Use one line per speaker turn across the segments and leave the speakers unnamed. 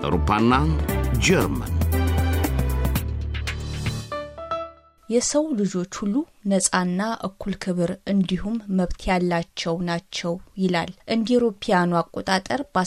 አውሮፓና ጀርመን
የሰው ልጆች ሁሉ ነጻና እኩል ክብር እንዲሁም መብት ያላቸው ናቸው ይላል እንደ ኢሮፓያኑ አቆጣጠር በ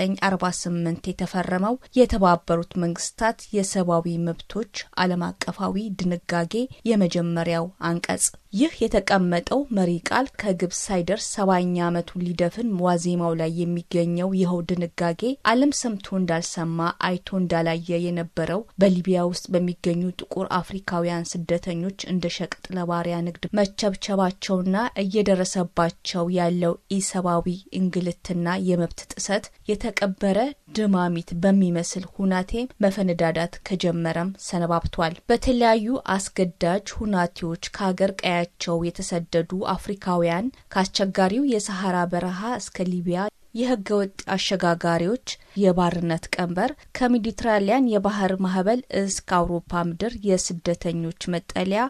1948 የተፈረመው የተባበሩት መንግስታት የሰብአዊ መብቶች ዓለም አቀፋዊ ድንጋጌ የመጀመሪያው አንቀጽ። ይህ የተቀመጠው መሪ ቃል ከግብ ሳይደርስ ሰባኛ ዓመቱን ሊደፍን ዋዜማው ላይ የሚገኘው ይኸው ድንጋጌ ዓለም ሰምቶ እንዳልሰማ አይቶ እንዳላየ የነበረው በሊቢያ ውስጥ በሚገኙ ጥቁር አፍሪካውያን ስደተኞች እንደ ሸቀጥ ለባሪያ ንግድ መቸብቸባቸውና እየደረሰባቸው ያለው ኢሰብአዊ እንግልትና የመብት ጥሰት የተቀበረ ድማሚት በሚመስል ሁናቴ መፈነዳዳት ከጀመረም ሰነባብቷል። በተለያዩ አስገዳጅ ሁናቴዎች ከሀገር ቀያቸው የተሰደዱ አፍሪካውያን ከአስቸጋሪው የሰሐራ በረሃ እስከ ሊቢያ የህገወጥ አሸጋጋሪዎች የባርነት ቀንበር ከሜዲትራሊያን የባህር ማህበል እስከ አውሮፓ ምድር የስደተኞች መጠለያ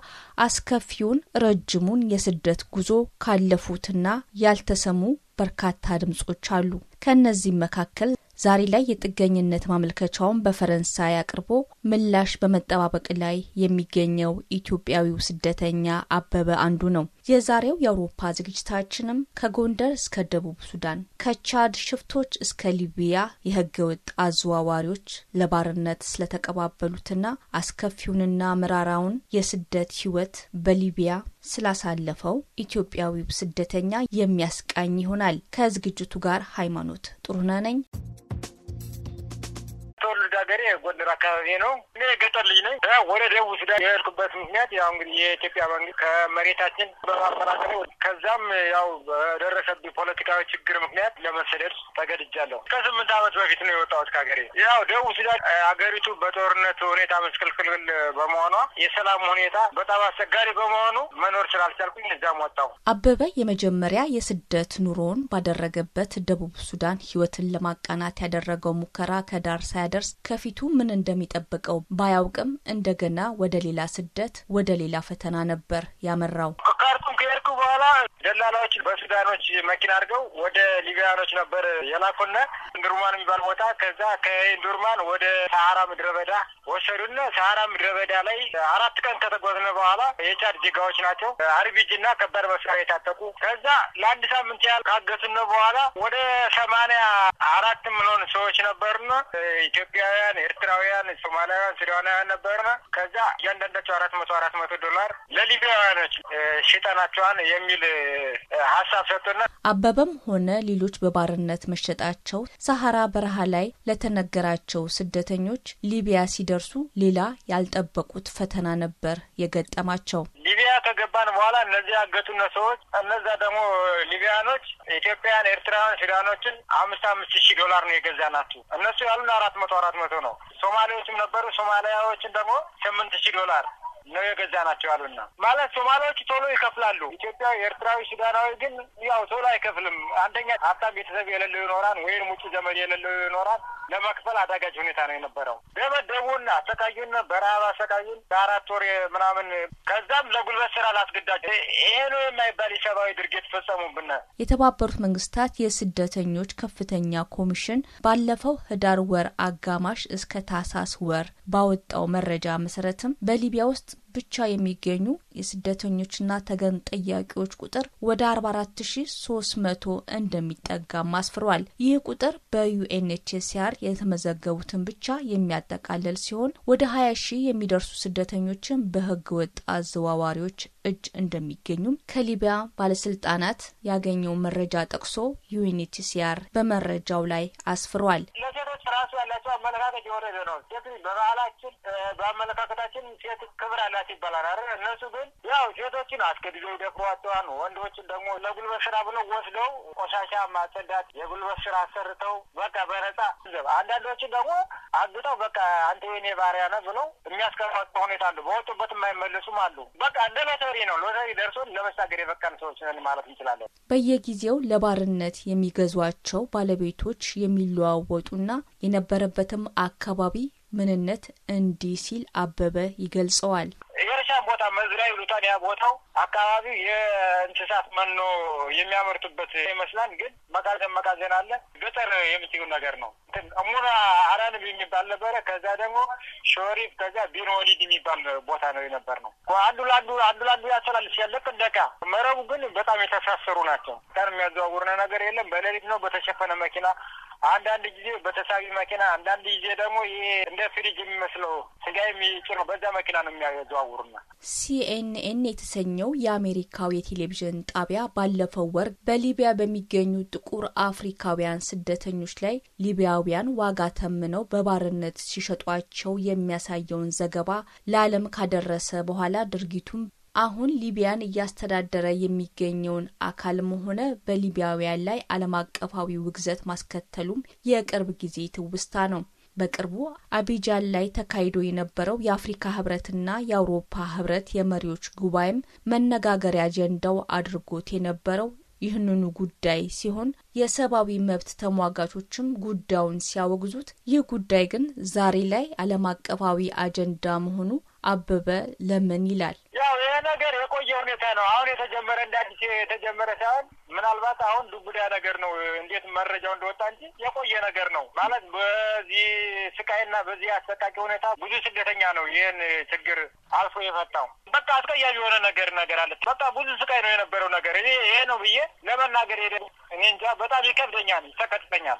አስከፊውን ረጅሙን የስደት ጉዞ ካለፉትና ያልተሰሙ በርካታ ድምፆች አሉ። ከእነዚህም መካከል ዛሬ ላይ የጥገኝነት ማመልከቻውን በፈረንሳይ አቅርቦ ምላሽ በመጠባበቅ ላይ የሚገኘው ኢትዮጵያዊው ስደተኛ አበበ አንዱ ነው። የዛሬው የአውሮፓ ዝግጅታችንም ከጎንደር እስከ ደቡብ ሱዳን፣ ከቻድ ሽፍቶች እስከ ሊቢያ የህገወጥ አዘዋዋሪዎች ለባርነት ስለተቀባበሉትና አስከፊውንና መራራውን የስደት ህይወት በሊቢያ ስላሳለፈው ኢትዮጵያዊው ስደተኛ የሚያስቃኝ ይሆናል። ከዝግጅቱ ጋር ሃይማኖት ጥሩነህ ነኝ።
ሀገሬ ጎንደር አካባቢ ነው። እኔ ገጠር ልጅ ነኝ። ወደ ደቡብ ሱዳን የሄድኩበት ምክንያት ያው እንግዲህ የኢትዮጵያ መንግስት ከመሬታችን በማፈራከ ከዛም ያው ደረ ፖለቲካዊ ችግር ምክንያት ለመሰደድ ተገድጃለሁ። ከስምንት ዓመት በፊት ነው የወጣሁት ከሀገሬ። ያው ደቡብ ሱዳን ሀገሪቱ በጦርነት ሁኔታ መስክልክል በመሆኗ የሰላም
ሁኔታ በጣም አስቸጋሪ በመሆኑ መኖር ስላልቻልኩኝ እዛም ወጣሁ። አበበ የመጀመሪያ የስደት ኑሮውን ባደረገበት ደቡብ ሱዳን ህይወትን ለማቃናት ያደረገው ሙከራ ከዳር ሳያደርስ ከፊቱ ምን እንደሚጠብቀው ባያውቅም እንደገና ወደ ሌላ ስደት ወደ ሌላ ፈተና ነበር ያመራው። ከካርቱም ከሄድኩ በኋላ ደላላዎች በሱዳኖች መኪና አድርገው ወደ
ሊቢያኖች ነበር የላኩና እንዱርማን የሚባል ቦታ ከዛ ከእንዱርማን ወደ ሰሃራ ምድረ በዳ ወሰዱና ሰሀራ ምድረ በዳ ላይ አራት ቀን ከተጓዝነ በኋላ የቻድ ዜጋዎች ናቸው አርቢጅ እና ከባድ መሳሪያ የታጠቁ ከዛ ለአንድ ሳምንት ያህል ካገሱነ በኋላ ወደ ሰማንያ አራት ምንሆን ሰዎች ነበርና ኢትዮጵያውያን፣ ኤርትራውያን፣ ሶማሊያውያን፣ ሱዳናውያን ነበርና ከዛ እያንዳንዳቸው አራት መቶ አራት መቶ
ዶላር ለሊቢያውያኖች ሽጠናቸዋን የሚል ሀሳብ ሰጡና አበበም ሆነ ሌሎች በባርነት መሸጣቸው ሰሐራ በረሃ ላይ ለተነገራቸው ስደተኞች ሊቢያ ሲደርሱ ሌላ ያልጠበቁት ፈተና ነበር የገጠማቸው።
ሊቢያ ከገባን በኋላ እነዚህ ያገቱነ ሰዎች እነዛ ደግሞ ሊቢያኖች ኢትዮጵያን፣ ኤርትራውያን፣ ሱዳኖችን አምስት አምስት ሺህ ዶላር ነው የገዛ ናቸው። እነሱ ያሉን አራት መቶ አራት መቶ ነው። ሶማሌዎችም ነበሩ። ሶማሊያዎችን ደግሞ ስምንት ሺህ ዶላር ነው የገዛ ናቸው አሉና ማለት ሶማሌዎች ቶሎ ይከፍላሉ። ኢትዮጵያዊ፣ ኤርትራዊ፣ ሱዳናዊ ግን ያው ቶሎ አይከፍልም። አንደኛ ሀብታም ቤተሰብ የሌለው ይኖራል፣ ወይም ውጭ ዘመድ የሌለው ይኖራል። ለመክፈል አዳጋጅ ሁኔታ ነው የነበረው። ደበደቡና አሰቃዩን፣ በረሀብ አሰቃዩን ለአራት ወር ምናምን።
ከዛም ለጉልበት ስራ ላስገዳጅ ይሄ ነው የማይባል የሰብአዊ ድርጊት ፈጸሙብን። የተባበሩት መንግስታት የስደተኞች ከፍተኛ ኮሚሽን ባለፈው ህዳር ወር አጋማሽ እስከ ታህሳስ ወር ባወጣው መረጃ መሰረትም በሊቢያ ውስጥ ብቻ የሚገኙ የስደተኞችና ተገን ጠያቂዎች ቁጥር ወደ 44300 እንደሚጠጋም አስፍሯል። ይህ ቁጥር በዩኤንኤችሲአር የተመዘገቡትን ብቻ የሚያጠቃልል ሲሆን ወደ 20 ሺህ የሚደርሱ ስደተኞችን በህገ ወጥ አዘዋዋሪዎች እጅ እንደሚገኙም ከሊቢያ ባለስልጣናት ያገኘው መረጃ ጠቅሶ ዩኤንኤችሲአር በመረጃው ላይ አስፍሯል። ራሱ ያላቸው አመለካከት የወረደ ነው። ሴት በባህላችን
በአመለካከታችን ሴት ክብር አላት ይባላል አይደል? እነሱ ግን ያው ሴቶችን አስገድደው ይደፍሯቸዋል። ወንዶችን ደግሞ ለጉልበት ስራ ብለው ወስደው ቆሻሻ ማጸዳት፣ የጉልበት ስራ አሰርተው በቃ በነጻ አንዳንዶችን ደግሞ አግጠው በቃ አንተ የኔ ባሪያ ነህ ብለው የሚያስቀሯቸው ሁኔታ አሉ። በወጡበት የማይመለሱም አሉ። በቃ እንደ ሎተሪ ነው። ሎተሪ ደርሶን ለመሳገድ የበቃን ሰዎች ነን ማለት
እንችላለን። በየጊዜው ለባርነት የሚገዟቸው ባለቤቶች የሚለዋወጡና የነበረበትም አካባቢ ምንነት እንዲህ ሲል አበበ ይገልጸዋል። የእርሻ
ቦታ መዝሪያ ይሉታል። ያ ቦታው አካባቢው የእንስሳት መኖ የሚያመርቱበት ይመስላል። ግን መቃዘን መቃዘን አለ። ገጠር የምትዩ ነገር ነው። እሙና አራንብ የሚባል ነበረ። ከዛ ደግሞ ሾሪፍ፣ ከዚያ ቢን ወሊድ የሚባል ቦታ ነው የነበር ነው። አንዱ ለአንዱ አንዱ ለአንዱ ያሰላልፍ ያለቅ ቅደቃ መረቡ ግን በጣም የተሳሰሩ ናቸው። ቀን የሚያዘዋውርነ ነገር የለም። በሌሊት ነው በተሸፈነ መኪና አንዳንድ ጊዜ በተሳቢ መኪና፣ አንዳንድ ጊዜ ደግሞ ይሄ እንደ ፍሪጅ የሚመስለው ስጋ የሚጭነው
በዛ መኪና ነው የሚያዘዋውሩና ሲኤንኤን የተሰኘው የአሜሪካው የቴሌቪዥን ጣቢያ ባለፈው ወር በሊቢያ በሚገኙ ጥቁር አፍሪካውያን ስደተኞች ላይ ሊቢያውያን ዋጋ ተምነው በባርነት ሲሸጧቸው የሚያሳየውን ዘገባ ለዓለም ካደረሰ በኋላ ድርጊቱን አሁን ሊቢያን እያስተዳደረ የሚገኘውን አካልም ሆነ በሊቢያውያን ላይ ዓለም አቀፋዊ ውግዘት ማስከተሉም የቅርብ ጊዜ ትውስታ ነው። በቅርቡ አቢጃን ላይ ተካሂዶ የነበረው የአፍሪካ ህብረትና የአውሮፓ ህብረት የመሪዎች ጉባኤም መነጋገሪያ አጀንዳው አድርጎት የነበረው ይህንኑ ጉዳይ ሲሆን የሰብአዊ መብት ተሟጋቾችም ጉዳዩን ሲያወግዙት፣ ይህ ጉዳይ ግን ዛሬ ላይ ዓለም አቀፋዊ አጀንዳ መሆኑ አበበ ለምን ይላል።
ያው ይሄ ነገር የቆየ ሁኔታ ነው። አሁን የተጀመረ እንደ አዲስ የተጀመረ ሳይሆን ምናልባት አሁን ዱቡዳ ነገር ነው እንዴት መረጃው እንደወጣ እንጂ የቆየ ነገር ነው ማለት በዚህ ስቃይና በዚህ አሰቃቂ ሁኔታ ብዙ ስደተኛ ነው ይህን ችግር አልፎ የፈታው። በቃ አስቀያሚ የሆነ ነገር ነገር አለ። በቃ ብዙ ስቃይ ነው የነበረው ነገር ይሄ ነው ብዬ ለመናገር ሄደ እኔ እንጃ። በጣም ይከብደኛል፣ ይሰቀጥጠኛል።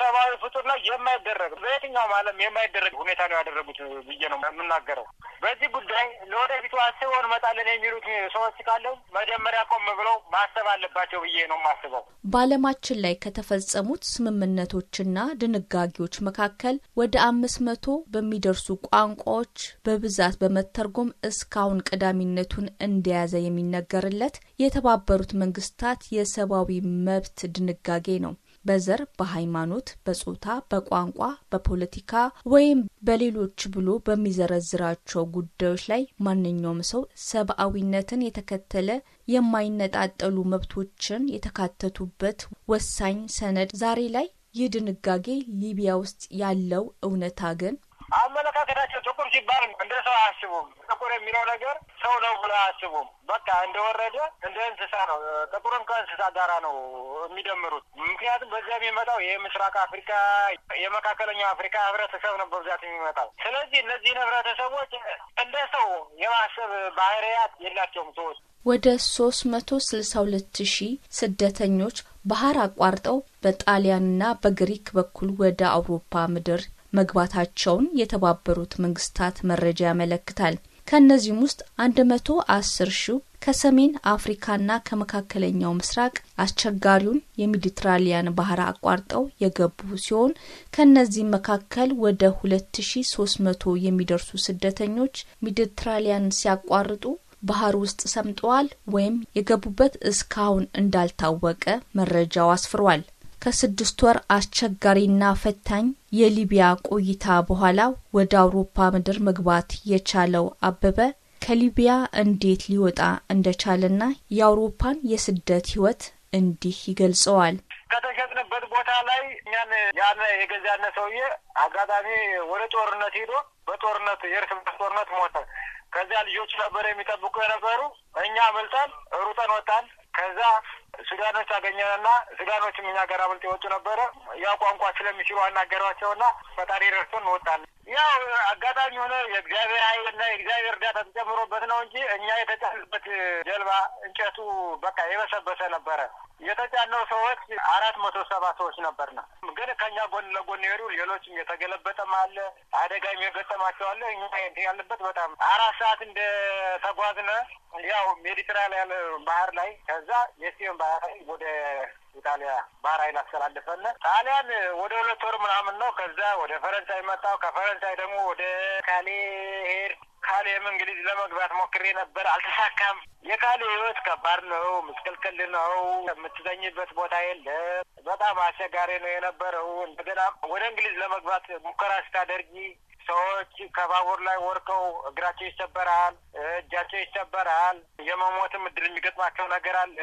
ሰብአዊ ፍጡር ነው የማይደረግ በየትኛውም ዓለም የማይደረግ ሁኔታ ነው ያደረጉት ብዬ ነው የምናገረው በዚህ ጉዳይ ለወደፊቱ አስበው እንመጣለን የሚሉት ሰዎች ካለ መጀመሪያ ቆም ብለው ማሰብ አለባቸው ብዬ ነው የማስበው።
በዓለማችን ላይ ከተፈጸሙት ስምምነቶችና ድንጋጌዎች መካከል ወደ አምስት መቶ በሚደርሱ ቋንቋዎች በብዛት በመተርጎም እስካሁን ቀዳሚነቱን እንደያዘ የሚነገርለት የተባበሩት መንግስታት የሰብአዊ መብት ድንጋጌ ነው። በዘር፣ በሃይማኖት፣ በጾታ፣ በቋንቋ፣ በፖለቲካ ወይም በሌሎች ብሎ በሚዘረዝራቸው ጉዳዮች ላይ ማንኛውም ሰው ሰብአዊነትን የተከተለ የማይነጣጠሉ መብቶችን የተካተቱበት ወሳኝ ሰነድ ዛሬ ላይ ይህ ድንጋጌ ሊቢያ ውስጥ ያለው እውነታ ግን
አመለካከታቸው ሲባል እንደ ሰው አያስቡም። ጥቁር የሚለው ነገር ሰው ነው ብሎ አያስቡም። በቃ እንደወረደ እንደ እንስሳ ነው። ጥቁርም ከእንስሳ ጋራ ነው የሚደምሩት። ምክንያቱም በዚያ የሚመጣው የምስራቅ አፍሪካ፣ የመካከለኛው አፍሪካ ህብረተሰብ ነው በብዛት የሚመጣው። ስለዚህ እነዚህን ህብረተሰቦች እንደ ሰው የማሰብ ባህሪያት
የላቸውም ሰዎች ወደ 362 ሺህ ስደተኞች ባህር አቋርጠው በጣሊያንና በግሪክ በኩል ወደ አውሮፓ ምድር መግባታቸውን የተባበሩት መንግስታት መረጃ ያመለክታል። ከእነዚህም ውስጥ 1መቶ አስር ሺው ከሰሜን አፍሪካና ከመካከለኛው ምስራቅ አስቸጋሪውን የሜዲትራሊያን ባህር አቋርጠው የገቡ ሲሆን ከእነዚህም መካከል ወደ መቶ የሚደርሱ ስደተኞች ሜዲትራሊያን ሲያቋርጡ ባህር ውስጥ ሰምጠዋል ወይም የገቡበት እስካሁን እንዳልታወቀ መረጃው አስፍሯል። ከስድስት ወር አስቸጋሪና ፈታኝ የሊቢያ ቆይታ በኋላ ወደ አውሮፓ ምድር መግባት የቻለው አበበ ከሊቢያ እንዴት ሊወጣ እንደቻለና የአውሮፓን የስደት ህይወት እንዲህ ይገልጸዋል። ከተሸጥንበት ቦታ ላይ እኛን ያን
የገዛነ ሰውዬ አጋጣሚ ወደ ጦርነት ሄዶ በጦርነት የእርስ በርስ ጦርነት ሞተ። ከዚያ ልጆች ነበር የሚጠብቁ የነበሩ እኛ መልጠን ሩጠን ወጣን። ከዛ ሱዳኖች አገኘንና ሱዳኖችም እኛ ጋር አብልጦ የወጡ ነበረ። ያ ቋንቋ ስለሚችሉ አናገሯቸው አናገሯቸውና ፈጣሪ ረድቶን እንወጣለን። ያው አጋጣሚ የሆነ የእግዚአብሔር ኃይልና የእግዚአብሔር እርዳታ ተጨምሮበት ነው እንጂ እኛ የተጫንበት ጀልባ እንጨቱ በቃ የበሰበሰ ነበረ። የተጫነው ሰዎች አራት መቶ ሰባ ሰዎች ነበር ነበርና ግን ከኛ ጎን ለጎን የሄዱ ሌሎችም የተገለበጠም አለ፣ አደጋም የገጠማቸው አለ። እኛ ያለበት በጣም አራት ሰዓት እንደ ተጓዝነ ያው ሜዲትራል ያለ ባህር ላይ ከዛ የሲዮን ይ ወደ ኢጣሊያ ባህራይን አስተላልፈን ጣሊያን ወደ ሁለት ወር ምናምን ነው። ከዛ ወደ ፈረንሳይ መጣው። ከፈረንሳይ ደግሞ ወደ ካሌ ሄድ ካሌም እንግሊዝ ለመግባት ሞክሬ ነበር፣ አልተሳካም። የካሌ ህይወት ከባድ ነው፣ ምስቅልቅል ነው። የምትተኝበት ቦታ የለም። በጣም አስቸጋሪ ነው የነበረው። እንደገና ወደ እንግሊዝ ለመግባት ሙከራ ስታደርጊ ሰዎች ከባቡር ላይ ወርቀው እግራቸው ይሰበራል። እጃቸው ይሰበራል። የመሞትም እድል የሚገጥማቸው ነገር አለ።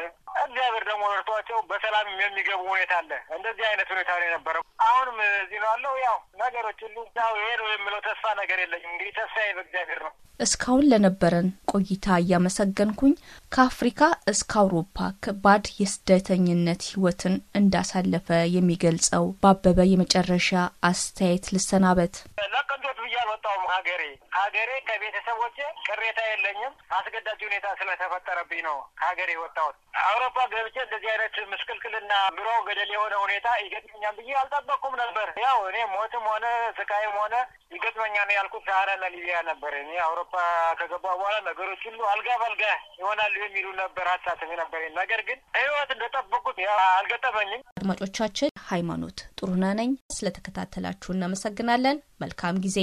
እግዚአብሔር ደግሞ ረድቷቸው በሰላም የሚገቡ ሁኔታ አለ። እንደዚህ አይነት ሁኔታ ነው የነበረው። አሁንም እዚህ ነው ያለው። ያው ነገሮች ሁሉ ያው
ይሄ ነው የምለው ተስፋ ነገር የለኝም። እንግዲህ ተስፋዬ በእግዚአብሔር ነው። እስካሁን ለነበረን ቆይታ እያመሰገንኩኝ ከአፍሪካ እስከ አውሮፓ ከባድ የስደተኝነት ህይወትን እንዳሳለፈ የሚገልጸው ባበበ የመጨረሻ አስተያየት ልሰናበት። አልወጣውም ሀገሬ ሀገሬ
ከቤተሰቦቼ ቅሬታ የለኝም። አስገዳጅ ሁኔታ ስለተፈጠረብኝ ነው ከሀገሬ ወጣሁት። አውሮፓ ገብቼ እንደዚህ አይነት ምስቅልቅልና ብሮ ገደል የሆነ ሁኔታ ይገጥመኛል ብዬ አልጠበቅኩም ነበር። ያው እኔ ሞትም ሆነ ስቃይም ሆነ ይገጥመኛል ያልኩት ሰሀራና ሊቢያ ነበር። እኔ አውሮፓ ከገባ በኋላ ነገሮች ሁሉ አልጋ በልጋ ይሆናሉ የሚሉ ነበር ሀሳብ ነበር። ነገር ግን ህይወት እንደጠበቁት አልገጠመኝም።
አድማጮቻችን፣ ሃይማኖት ጥሩነህ ነኝ። ስለተከታተላችሁ እናመሰግናለን። መልካም ጊዜ